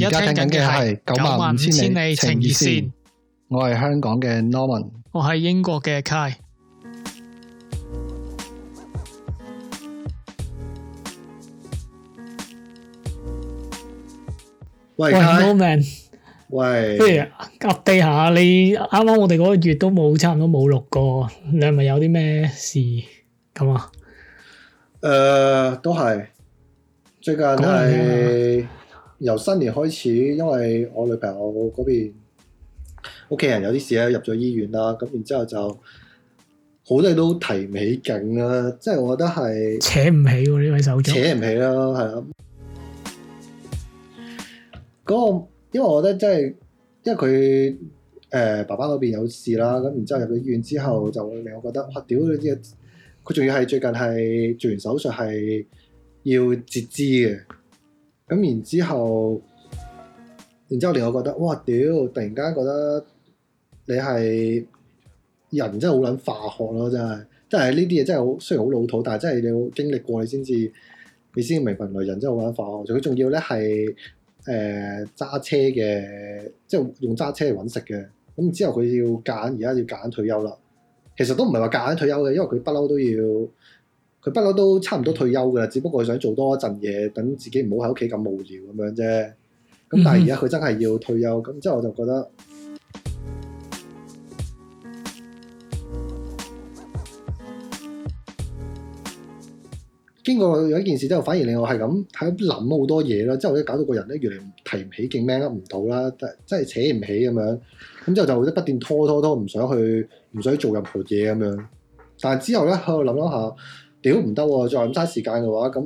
而家聽緊嘅係九萬五千里情熱線。我係香港嘅 Norman，我係英國嘅 Kai。喂 Norman，喂，不如 catch up 下你啱啱我哋嗰個月都冇，差唔多冇六個。你係咪有啲咩事咁啊？誒，都係最近係。由新年開始，因為我女朋友嗰邊屋企人有啲事咧，入咗醫院啦，咁然之後就好多人都提唔起勁啦，即係我覺得係扯唔起喎、啊、呢位手足扯唔起啦、啊，係啦。嗰、嗰個因為我覺得即係因為佢誒、呃、爸爸嗰邊有事啦，咁然之後入咗醫院之後就，就會令、嗯、我覺得哇！屌你啲佢仲要係最近係做完手術係要截肢嘅。咁然之後，然之後你又覺得，哇屌！突然間覺得你係人真係好撚化學咯，真係，真係呢啲嘢真係好，雖然好老土，但係真係你要經歷過你先至，你先明白原來人真係好撚化學。佢仲要咧係誒揸車嘅，即係用揸車嚟搵食嘅。咁之後佢要揀，而家要揀退休啦。其實都唔係話揀緊退休嘅，因為佢不嬲都要。佢不嬲都差唔多退休噶啦，只不過佢想做多一陣嘢，等自己唔好喺屋企咁無聊咁樣啫。咁但係而家佢真係要退休，咁、嗯嗯、之後我就覺得經過有一件事之後，反而令我係咁喺度諗好多嘢啦。之後咧搞到個人咧原嚟提唔起勁 man 唔到啦，即係扯唔起咁樣。咁之後就不斷拖拖拖，唔想去，唔想做任何嘢咁樣。但係之後咧，喺度諗一下。屌唔得喎！再咁嘥時間嘅話，咁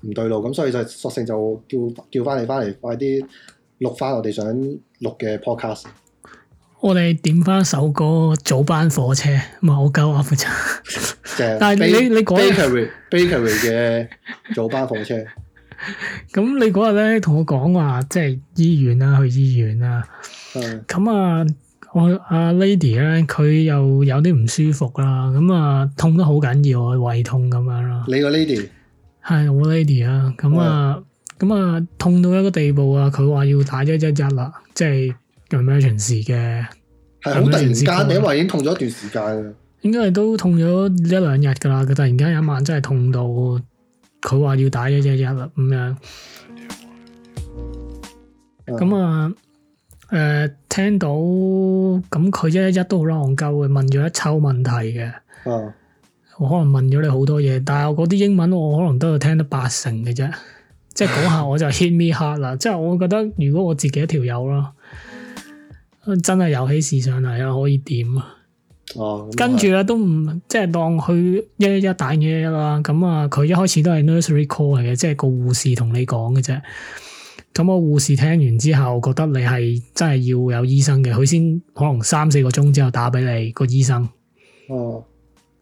唔對路。咁所以就索性就叫叫翻你翻嚟，快啲錄翻我哋想錄嘅 podcast。我哋點翻首歌《早班火車》，咪好鳩啊！火車，但係你你講《bakery》嘅早班火車。咁你嗰日咧同我講話，即係醫院啦，去醫院啦。嗯，咁啊。我阿、啊、Lady 咧，佢又有啲唔舒服啦，咁啊痛得好緊要，胃痛咁樣啦。你個 Lady 係我 Lady 啊，咁啊咁啊痛到一個地步啊，佢話要打一一一啦，即係 emergency 嘅，係好突然間，你話已經痛咗一段時間啦，應該都痛咗一兩日噶啦。佢突然間有一晚真係痛到，佢話要打一一一啦咁樣。咁啊、嗯。嗯嗯誒、呃，聽到咁佢、嗯、一一一都好啦，憨鳩嘅，問咗一抽問題嘅，嗯、我可能問咗你好多嘢，但係我嗰啲英文我可能都有聽得八成嘅啫，即係講下我就 hit me hard 啦， 即係我覺得如果我自己一條友咯，真係有起事上嚟啊，可以點啊？哦嗯、跟住咧、嗯、都唔即係當佢一一一帶嘢啦，咁啊，佢一開始都係 nursery call 嚟嘅，即係個護士同你講嘅啫。咁我護士聽完之後，覺得你係真係要有醫生嘅，佢先可能三四個鐘之後打俾你、個醫生。哦，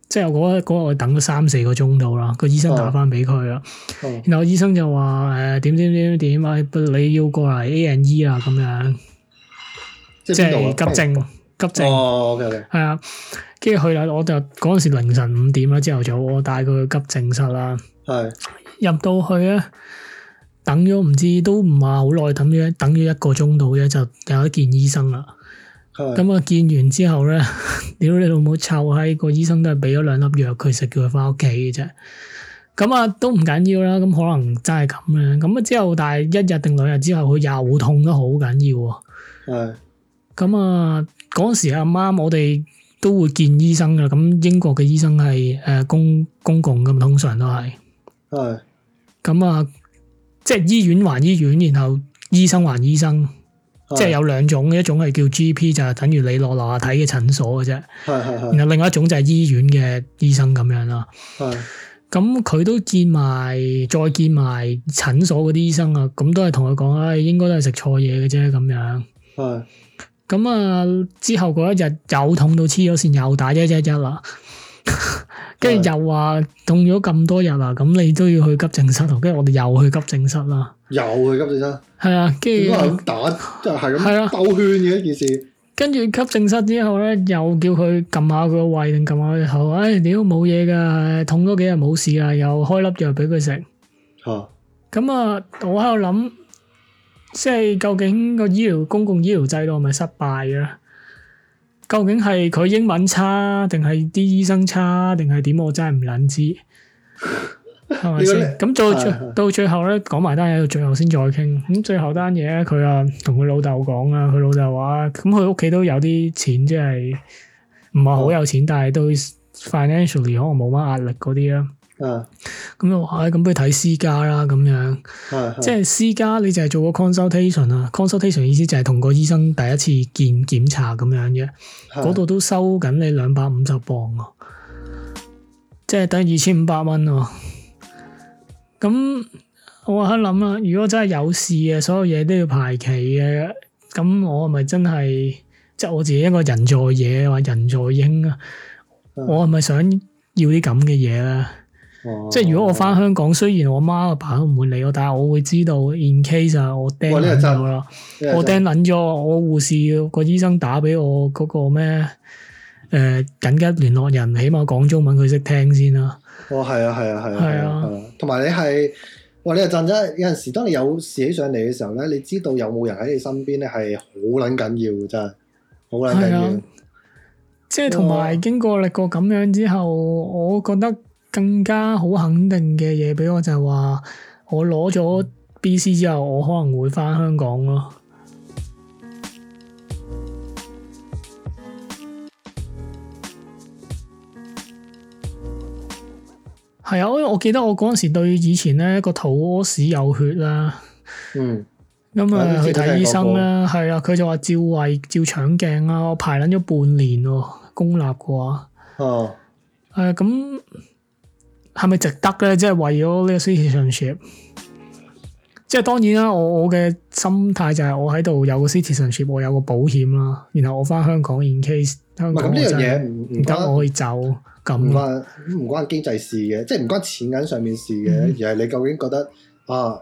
即係嗰嗰個我等咗三四個鐘到啦，個醫生打翻俾佢啦。哦、然後醫生就話：誒、呃，點點點點點啊，你要過嚟 A&E 啊，咁、e、樣，即係急症，急症。急症哦 o 係啊，跟、okay, 住、okay. 去啦。我就嗰陣時凌晨五點啦，朝頭早我帶佢去急症室啦。係的入到去咧。等咗唔知都唔話好耐，等咗等咗一個鐘度咧，就有得見醫生啦。咁啊的、嗯，見完之後呢，屌 你老母臭閪個醫生都係畀咗兩粒藥佢食，叫佢翻屋企嘅啫。咁、嗯、啊，都唔緊要啦。咁可能真係咁咧。咁、嗯、啊之後，但係一日定兩日之後，佢又痛得好緊要啊。咁啊的，嗰、嗯、時阿媽我哋都會見醫生噶。咁、嗯、英國嘅醫生係誒、呃、公公共噶通常都係係。咁啊的。嗯嗯即係醫院還醫院，然後醫生還醫生，即係有兩種，一種係叫 G.P. 就係等於你落樓下睇嘅診所嘅啫。係係。然後另外一種就係醫院嘅醫生咁樣啦。係。咁佢都見埋，再見埋診所嗰啲醫生啊，咁都係同佢講，唉，應該都係食錯嘢嘅啫，咁樣。係。咁啊，之後嗰一日又痛到黐咗線，又打一一一啦。跟住又話痛咗咁多日啊，咁你都要去急症室。跟住我哋又去急症室啦，又去急症室。係啊，跟住如果係咁打，即係係咁，係啦，兜圈嘅一件事。跟住急症室之後咧，又叫佢撳下佢個胃，定撳下佢頭。誒，屌冇嘢噶，痛咗幾日冇事啊，又開粒藥俾佢食。吓，咁啊，我喺度諗，即係究竟個醫療公共醫療制度係咪失敗啊？究竟係佢英文差，定係啲醫生差，定係點？我真係唔捻知，係咪先？咁到最到最後咧，講埋單嘢，到最後先再傾。咁最後單嘢咧，佢阿同佢老豆講啊，佢老豆話：「咁佢屋企都有啲錢，即係唔係好有錢，但係都 financially 可能冇乜壓力嗰啲啊。」啊，咁又話咧，咁不如睇私家啦，咁樣，嗯嗯、即係私家你就係做個 consultation 啊，consultation 意思就係同個醫生第一次見檢查咁樣啫，嗰度、嗯、都收緊你兩百五十磅啊，即係等於二千五百蚊咯。咁 我喺度諗啊，如果真係有事啊，所有嘢都要排期嘅，咁我係咪真係即係我自己一個人在野或人在英啊？嗯、我係咪想要啲咁嘅嘢咧？哦、即係如果我翻香港，哦、雖然我媽阿爸都唔會理我，但係我會知道 in case 啊、哦，我掟，我掟捻咗，我護士個醫生打俾我嗰個咩誒緊急聯絡人，起碼講中文佢識聽先啦。哦，係啊，係啊，係啊，係啊。同埋你係，哇！你又賺咗。有陣時，當你有事起上嚟嘅時候咧，你知道有冇人喺你身邊咧，係好捻緊要嘅、啊、真係，好捻緊要。即係同埋經過歷過咁樣之後，我覺得。更加好肯定嘅嘢俾我，就係話我攞咗 B C 之後，我可能會翻香港咯。係啊，我記得我嗰陣時對以前呢個肚屙屎有血啦，嗯，咁啊去睇醫生啦，係啊，佢就話照胃照腸鏡啊，我排撚咗半年喎，公立嘅話，哦，誒咁。係咪值得咧？即係為咗呢個 citizenship，即係當然啦。我我嘅心態就係我喺度有個 citizenship，我有個保險啦。然後我翻香港 in case 香港。唔係咁呢樣嘢唔唔得，跟我可以走咁。唔關唔關經濟事嘅，即係唔關錢銀上面事嘅，嗯、而係你究竟覺得啊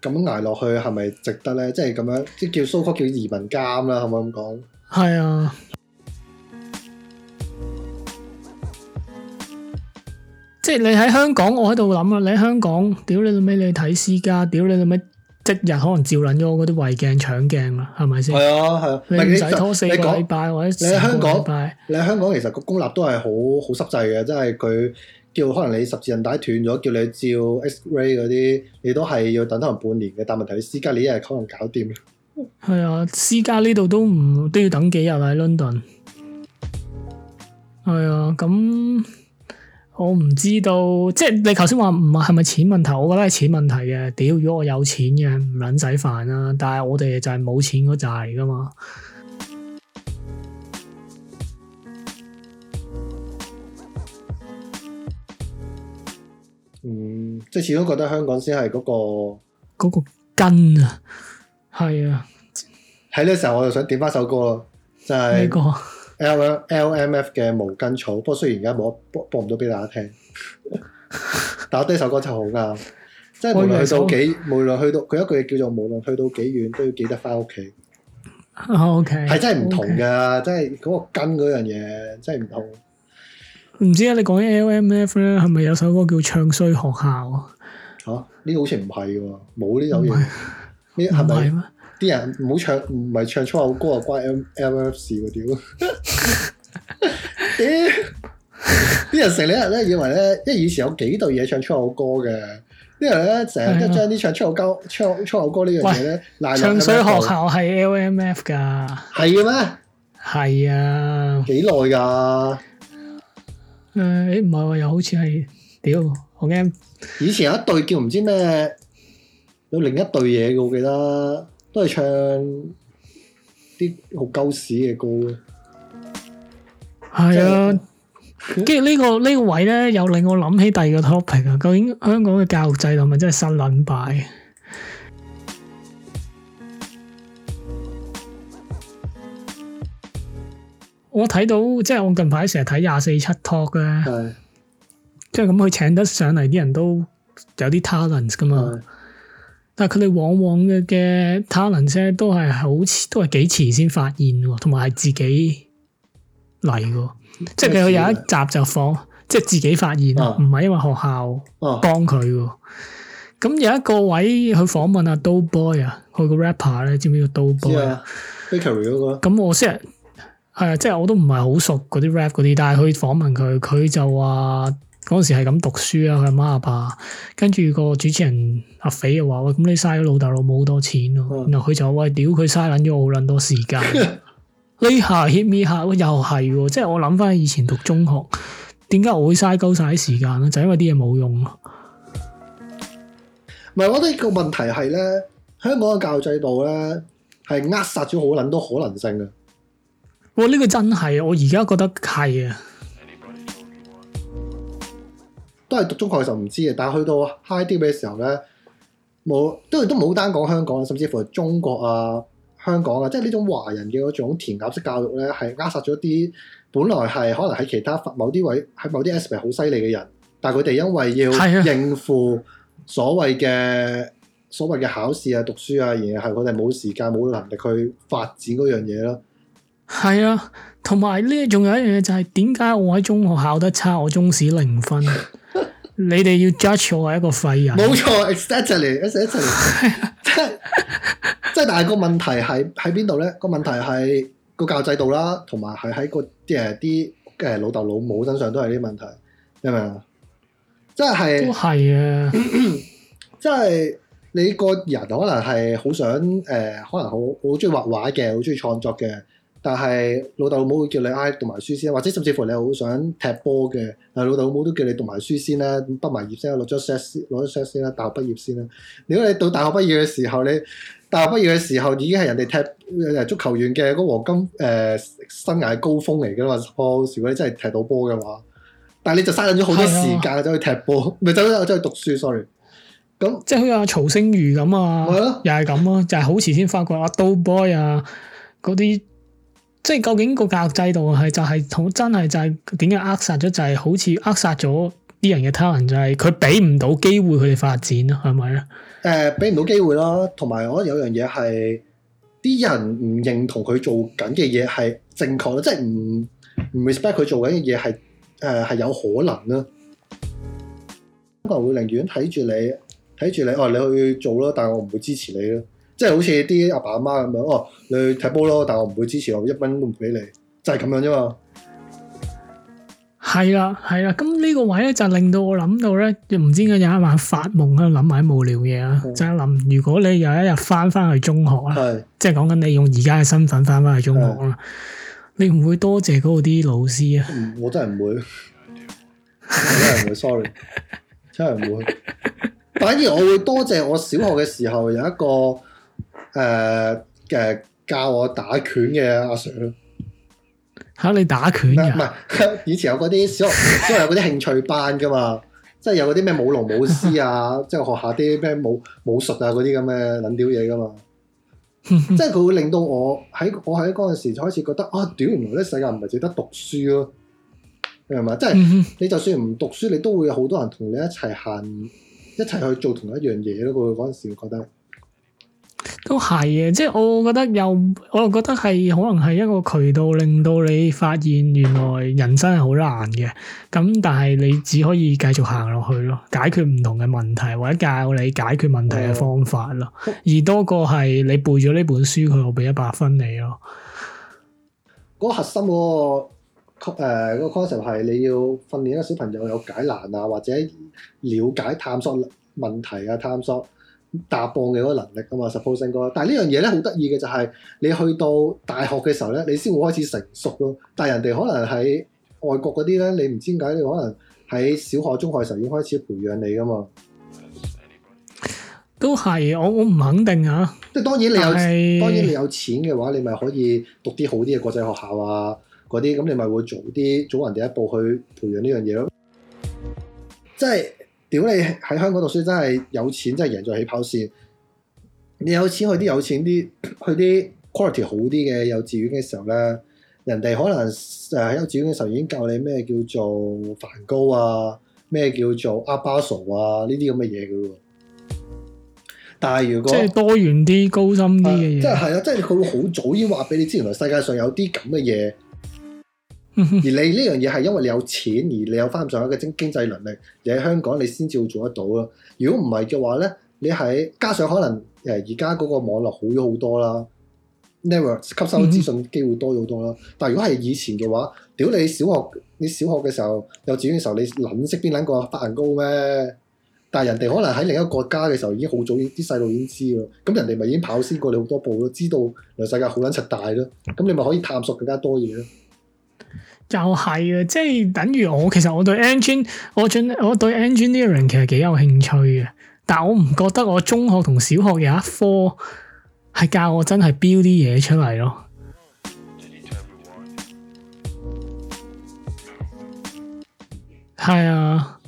咁捱落去係咪值得咧，就是？即係咁樣即係叫 so called 叫移民監啦，係咪咁講？係啊。即係你喺香港，我喺度諗啊。你喺香港，屌你老味，你睇私家，屌你老味，即日可能照撚咗嗰啲胃鏡、腸鏡啦，係咪先？係啊係啊，你唔使拖四個禮拜或者你喺香港，你喺香港其實個公立都係好好濕滯嘅，即係佢叫可能你十字韌帶斷咗，叫你照 X ray 嗰啲，你都係要等可能半年嘅。但係問題私家你一日可能搞掂啦。係啊，私家呢度都唔都要等幾日喺 London。係啊，咁、嗯。我唔知道，即係你頭先話唔係係咪錢問題，我覺得係錢問題嘅。屌，如果我有錢嘅唔撚使煩啦，但係我哋就係冇錢嗰陣噶嘛。嗯，即係始終覺得香港先係嗰個個根啊，係啊。喺呢個時候，我就想點翻首歌咯，就係呢個。L M L M F 嘅無根草，不過雖然而家冇播播唔到俾大家聽，但我呢首歌就好啱。即係無論去到幾，無論去到，佢一句叫做無論去到幾遠，都要記得翻屋企。O K，係真係唔同噶，即係嗰個根嗰樣嘢真係唔同。唔知啊，你講啲 L M F 咧，係咪有首歌叫《唱衰學校》啊？吓，呢個好似唔係噶，冇呢首嘢。呢係咪？啲人唔好唱，唔係唱粗口歌啊！M, L 關 L M F 事喎，屌！屌！啲人成日咧，以為咧，因為以前有幾對嘢唱粗口歌嘅，啲人咧成日都將啲唱粗口歌、啊、唱粗口歌呢樣嘢咧，嗱喂，落。長水學校係 L M F 噶。係嘅咩？係啊。幾耐㗎？誒、呃，唔係喎，又好似係屌好 M。嗯嗯、以前有一對叫唔知咩，有另一對嘢嘅，我記得。都係唱啲好鳩屎嘅歌咯，係啊！跟住呢個呢 個位咧，又令我諗起第二個 topic 啊！究竟香港嘅教育制度係咪真係失撚敗？我睇到即係我近排成日睇廿四七 talk 咧，即係咁佢請得上嚟啲人都有啲 talents 㗎嘛。但係佢哋往往嘅嘅 talent 咧都係好似都係幾遲先發現，同埋係自己嚟嘅，即係佢有一集就訪，即係自己發現，唔係，啊、因為學校幫佢嘅。咁、啊、有一個位去訪問阿 Do Boy, pper, 知知 Boy? 啊，佢個 rapper 咧，知唔知叫 Do Boy？Faker 啊嗰個。咁我先係，即係我都唔係好熟嗰啲 rap 嗰啲，但係去訪問佢，佢就話。嗰陣時係咁讀書啊，佢阿媽阿爸，跟住個主持人阿肥又話喂，咁你嘥咗老豆老母好多錢咯、啊，嗯、然後佢就話喂，屌佢嘥捻咗好捻多時間、啊，呢下 hit me 下，喂又係、啊，即係我諗翻以前讀中學，點解我會嘥鳩晒啲時間咧、啊？就因為啲嘢冇用咯、啊。唔係，我覺得個問題係咧，香港嘅教育制度咧，係扼殺咗好捻多可能性嘅、這個。我呢個真係，我而家覺得係啊。都係讀中學嘅時候唔知嘅，但係去到 high 啲嘅時候咧，冇都都冇單講香港，甚至乎中國啊、香港啊，即係呢種華人嘅嗰種填鴨式教育咧，係扼殺咗啲本來係可能喺其他某啲位喺某啲 aspect 好犀利嘅人，但係佢哋因為要應付所謂嘅、啊、所謂嘅考試啊、讀書啊，然後佢哋冇時間、冇能力去發展嗰樣嘢咯。係啊，同埋呢仲有一樣嘢就係點解我喺中學考得差，我中史零分？ 你哋要 judge 我係一個廢人？冇錯，exactly，exactly，即係即係。 但係個問題係喺邊度咧？個問題係個教育制度啦，同埋係喺個誒啲誒老豆老母身上都係呢啲問題，明唔明啊？即係都係啊！即係 你個人可能係好想誒、呃，可能好好中意畫畫嘅，好中意創作嘅。但係老豆老母會叫你唉讀埋書先，或者甚至乎你好想踢波嘅，但係老豆老母都叫你讀埋書先啦，畢埋業先，攞張 cert 先，攞張 cert 先啦，大學畢業先啦。如果你到大學畢業嘅時候，你大學畢業嘅時候已經係人哋踢足球員嘅嗰黃金誒、呃、生涯高峰嚟㗎嘛。Suppose 如果你真係踢到波嘅話，但係你就嘥咗好多時間走是、啊、去踢波，咪走去走去讀書。Sorry，咁、嗯、即係好似阿曹星如咁啊，又係咁啊，就係、是、好遲先發覺阿刀 boy 啊嗰啲。 即係究竟個教育制度係就係同真係就係點樣扼殺咗就係、是、好似扼殺咗啲人嘅 talent 就係佢俾唔到機會佢哋發展咯，係咪咧？誒，俾唔到機會咯，同埋我覺得有樣嘢係啲人唔認同佢做緊嘅嘢係正確咯，即係唔唔 respect 佢做緊嘅嘢係，誒係有可能咯，我會寧願睇住你睇住你哦你去做咯，但係我唔會支持你咯。即係好似啲阿爸阿媽咁樣，哦，你去踢波咯，但係我唔會支持，我一蚊都唔俾你，就係、是、咁樣啫嘛。係啦，係啦，咁呢個位咧就令到我諗到咧，唔知點解有一晚發夢喺度諗埋啲無聊嘢啊。了了的就係諗，如果你有一日翻翻去中學啊，的即係講緊你用而家嘅身份翻翻去中學啊，的你唔會多謝嗰度啲老師啊？我真係唔會， 我真係唔會，sorry，真係唔會。 反而我會多謝我小學嘅時候有一個。誒誒、呃呃，教我打拳嘅阿、啊、Sir 吓你打拳啊？唔係，以前有嗰啲小學都 有嗰啲興趣班噶嘛，即係有嗰啲咩舞龍舞獅啊，即係 學下啲咩武武術啊嗰啲咁嘅捻屌嘢噶嘛。 即係佢會令到我喺我喺嗰陣時開始覺得啊，屌！原來呢世界唔係只得讀書咯、啊，明嘛？即係你就算唔讀書，你都會有好多人同你一齊行，一齊去做同一樣嘢咯。佢嗰陣時會覺得。都係嘅，即係我覺得又，我又覺得係可能係一個渠道，令到你發現原來人生係好難嘅。咁但係你只可以繼續行落去咯，解決唔同嘅問題，或者教你解決問題嘅方法咯。哦、而多過係你背咗呢本書，佢我俾一百分你咯。嗰個核心、嗰個誒、呃嗰個 concept 係你要訓練一個小朋友有解難啊，或者了解探索問題啊，探索。搭磅嘅嗰個能力啊嘛，supposing 㗎，但係呢樣嘢咧好得意嘅就係、是、你去到大學嘅時候咧，你先會開始成熟咯。但係人哋可能喺外國嗰啲咧，你唔知點解你可能喺小學、中學嘅時候已經開始培養你噶嘛。都係，我我唔肯定啊。即係當然你有，是當然你有錢嘅話，你咪可以讀啲好啲嘅國際學校啊，嗰啲咁你咪會早啲早人哋一步去培養呢樣嘢咯。即係。屌，你喺香港讀書真係有錢真係贏在起跑線。你有錢去啲有錢啲去啲 quality 好啲嘅幼稚園嘅時候咧，人哋可能誒喺幼稚園嘅時候已經教你咩叫做梵高啊，咩叫做阿巴索啊，呢啲咁嘅嘢㗎喎。但係如果即係多元啲、高深啲嘅即係係啊，即係佢會好早已經話俾你知，原來世界上有啲咁嘅嘢。 而你呢樣嘢係因為你有錢，而你有翻上去嘅經經濟能力，你喺香港你先至會做得到咯。如果唔係嘅話呢，你喺加上可能誒而家嗰個網絡好咗好多啦，network 吸收資訊機會多咗好多啦。但如果係以前嘅話，屌你小學你小學嘅時候，幼稚園嘅時候，你諗識邊撚個發行高咩？但係人哋可能喺另一個國家嘅時候已經好早啲細路已經知咯。咁人哋咪已經跑先過你好多步咯，知道世界好撚闊大咯。咁你咪可以探索更加多嘢咯。又係啊，即係等於我其實我對 engine，我我對 engineering 其實幾有興趣嘅，但我唔覺得我中學同小學有一科係教我真係 build 啲嘢出嚟咯。係、嗯、啊、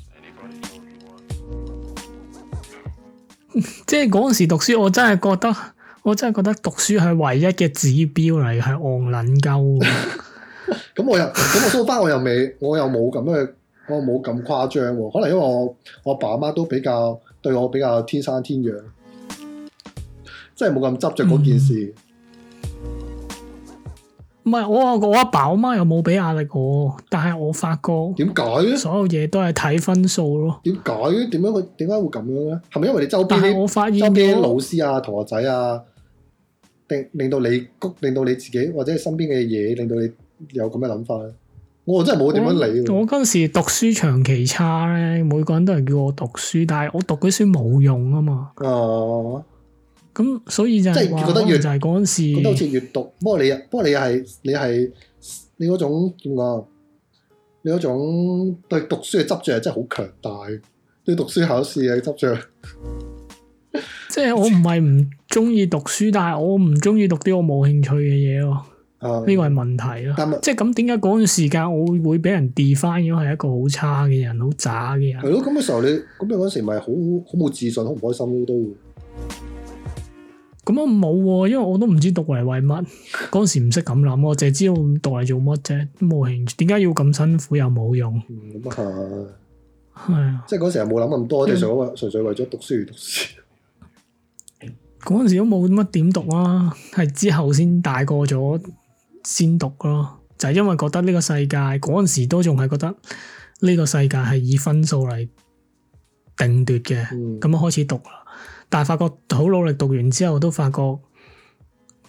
嗯、即係嗰陣時讀書，我真係覺得，我真係覺得讀書係唯一嘅指標嚟，係戇捻鳩。咁 我又咁我收翻我又未 我又冇咁樣，我又冇咁誇張喎。可能因為我我爸阿媽都比較對我比較天生天養，真係冇咁執着嗰件事。唔係、嗯、我我阿爸阿媽又冇俾壓力我，但係我發覺點解？所有嘢都係睇分數咯。點解？點解會點解會咁樣咧？係咪因為你周邊？但我發現周邊老師啊、同學仔啊，令令到你，令到你自己或者身邊嘅嘢，令到你。有咁嘅諗法咧？我真係冇點樣理我。我嗰陣時讀書長期差咧，每個人都係叫我讀書，但係我讀嗰書冇用啊嘛。哦、啊，咁所以就即係覺得越就係嗰陣時覺得好似閱讀。不過你又不過你又係你係你嗰種點啊？你嗰種對讀書嘅執着係真係好強大，對讀書考試嘅執着。 即係我唔係唔中意讀書，但係我唔中意讀啲我冇興趣嘅嘢喎。呢個係問題咯，但即係咁點解嗰段時間我會俾人 define 咗係一個好差嘅人，好渣嘅人。係咯，咁嘅時候你咁你嗰時咪好好冇自信，好唔開心都會。咁啊冇，因為我都唔知讀嚟為乜。嗰時唔識咁諗，我淨係知道讀嚟做乜啫，冇興趣。點解要咁辛苦又冇用？嗯，咁係，啊，唉即係嗰時又冇諗咁多，就純為純粹為咗讀書而讀書。嗰陣時都冇乜點讀啊，係之後先大個咗。先讀咯，就係、是、因為覺得呢個世界嗰陣時都仲係覺得呢個世界係以分數嚟定奪嘅，咁啊、嗯、開始讀啦，但係發覺好努力讀完之後都發覺唔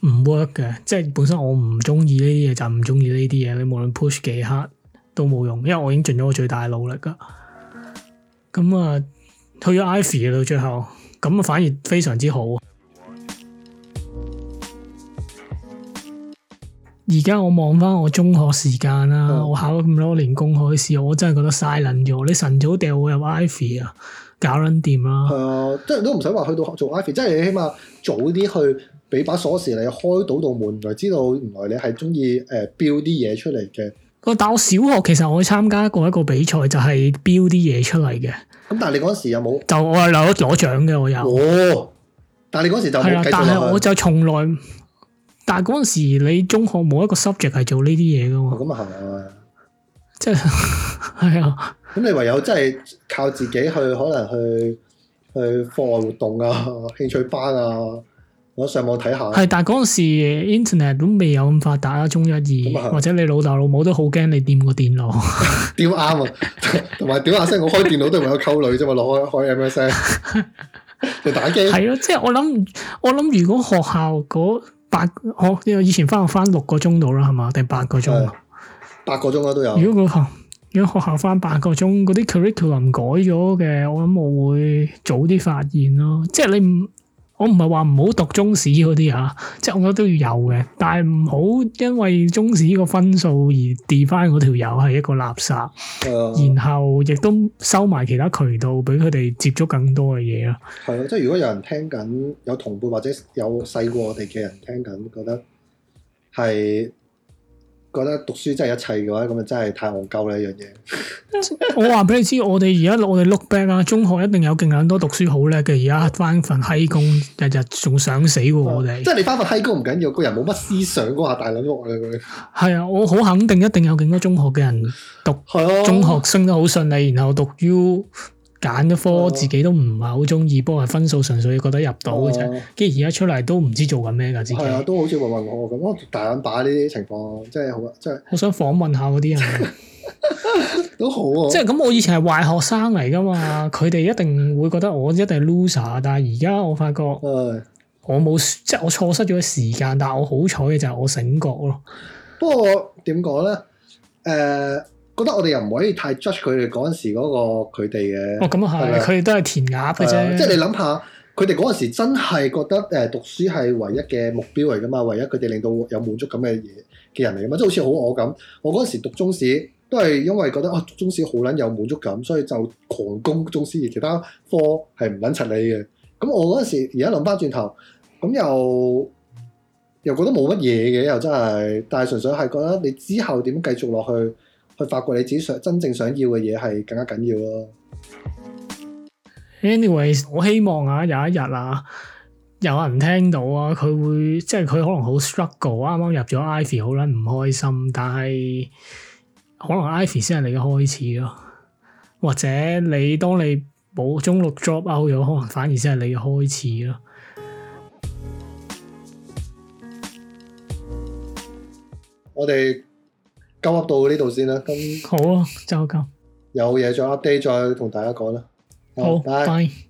work 嘅，即係本身我唔中意呢啲嘢就唔中意呢啲嘢，你無論 push 幾 hard 都冇用，因為我已經盡咗我最大努力噶，咁啊去咗 Ivy 啦到最後，咁啊反而非常之好。而家我望翻我中學時間啦，嗯、我考咗咁多年公開試，我真係覺得嘥撚咗。你晨早掉我入 Ivy 啊，搞捻掂啦。係啊、嗯，即係都唔使話去到學做 Ivy，即係你起碼早啲去俾把鎖匙你開到度門，就知道原來你係中意誒標啲嘢出嚟嘅。個但我小學其實我去參加過一個比賽就，就係標啲嘢出嚟嘅。咁但係你嗰時有冇？就我係攞攞獎嘅，我有。哦，但係你嗰時就係但係我就從來。但係嗰陣時，你中學冇一個 subject 係做呢啲嘢噶嘛？咁啊係啊，即係係啊。咁你唯有真係靠自己去，可能去去課外活動啊、興趣班啊。我上網睇下。係，但係嗰陣時，internet 都未有咁發達。中一二，或者你老豆老母都好驚你掂個電腦。屌啱啊！同埋屌下聲，我開電腦都係為咗溝女啫嘛，攞開開 M S N，就打機。係咯，即係我諗，我諗如果學校嗰。八哦，因為以前翻學翻六個鐘度啦，係嘛定八個鐘，嗯？八個鐘啦都有。如果，個學，如果學校翻八個鐘，嗰啲 curriculum 改咗嘅，我諗我會早啲發現咯。即係你唔。我唔係話唔好讀中史嗰啲嚇，即係我覺得都要有嘅，但係唔好因為中史個分數而 define 嗰條友係一個垃圾，呃、然後亦都收埋其他渠道俾佢哋接觸更多嘅嘢咯。係啊，即係如果有人聽緊有同輩或者有細過我哋嘅人聽緊，覺得係。覺得讀書真係一切嘅話，咁啊真係太戇鳩啦！呢樣嘢，我話俾你知，我哋而家我哋 look back 啊，中學一定有勁有多讀書好叻嘅，而家翻份閪工，日日仲想死喎！我哋、 哦、即你 school，係你翻份閪工唔緊要，個人冇乜思想嗰下大撚鑊啊！佢係 啊，我好肯定一定有勁多中學嘅人讀，中學升得好順利，然後讀 U。 揀咗科自己都唔係好中意，不過係分數純粹覺得入到嘅啫。跟住而家出嚟都唔知做緊咩噶。係啊，都好似問問我咁，我大眼打呢啲情況，真係好啊，真係。我想訪問下嗰啲啊，係咪 都好啊。即係咁，我以前係壞學生嚟噶嘛，佢哋一定會覺得我一定係 loser。但係而家我發覺我，我冇唉即係我錯失咗時間，但係我好彩嘅就係我醒覺咯。不過點講咧？誒。Uh, 覺得我哋又唔可以太 judge 佢哋嗰陣時嗰個佢哋嘅，佢哋、哦、咁係佢哋都係填鴨嘅啫。即係你諗下，佢哋嗰陣時真係覺得誒讀書係唯一嘅目標嚟㗎嘛，唯一佢哋令到有滿足感嘅嘢嘅人嚟㗎嘛。即係好似好我咁，我嗰陣時讀中史都係因為覺得啊讀、哦、中史好撚有滿足感，所以就狂攻中史，而其他科係唔撚柒你嘅。咁我嗰陣時而家諗翻轉頭，咁又又覺得冇乜嘢嘅，又真係，但係純粹係覺得你之後點繼續落去？去發掘你自己想真正想要嘅嘢係更加緊要咯。Anyways，我希望啊有一日啊有人聽到啊佢會即係佢可能好 struggle，啱啱入咗 Ivy 好撚唔開心，但係可能 Ivy 先係你嘅開始咯，或者你當你保中六 drop out 咗，可能反而先係你嘅開始咯。我哋。鳩噏到呢度先啦，咁好啊，就咁。有嘢再 update 再同大家講啦。好，拜拜好。Bye.